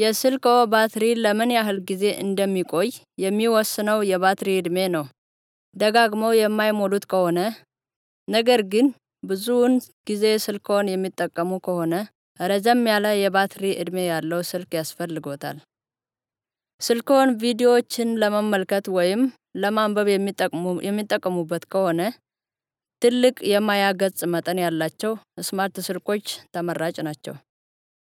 የስልክዎ ባትሪ ለምን ያህል ጊዜ እንደሚቆይ የሚወስነው የባትሪ ዕድሜ ነው። ደጋግመው የማይሞሉት ከሆነ፣ ነገር ግን ብዙውን ጊዜ ስልክዎን የሚጠቀሙ ከሆነ፣ ረዘም ያለ የባትሪ ዕድሜ ያለው ስልክ ያስፈልግዎታል። ስልክዎን ቪዲዮዎችን ለመመልከት ወይም ለማንበብ የሚጠቀሙበት ከሆነ፣ ትልቅ የማያ ገጽ መጠን ያላቸው ስማርት ስልኮች ተመራጭ ናቸው።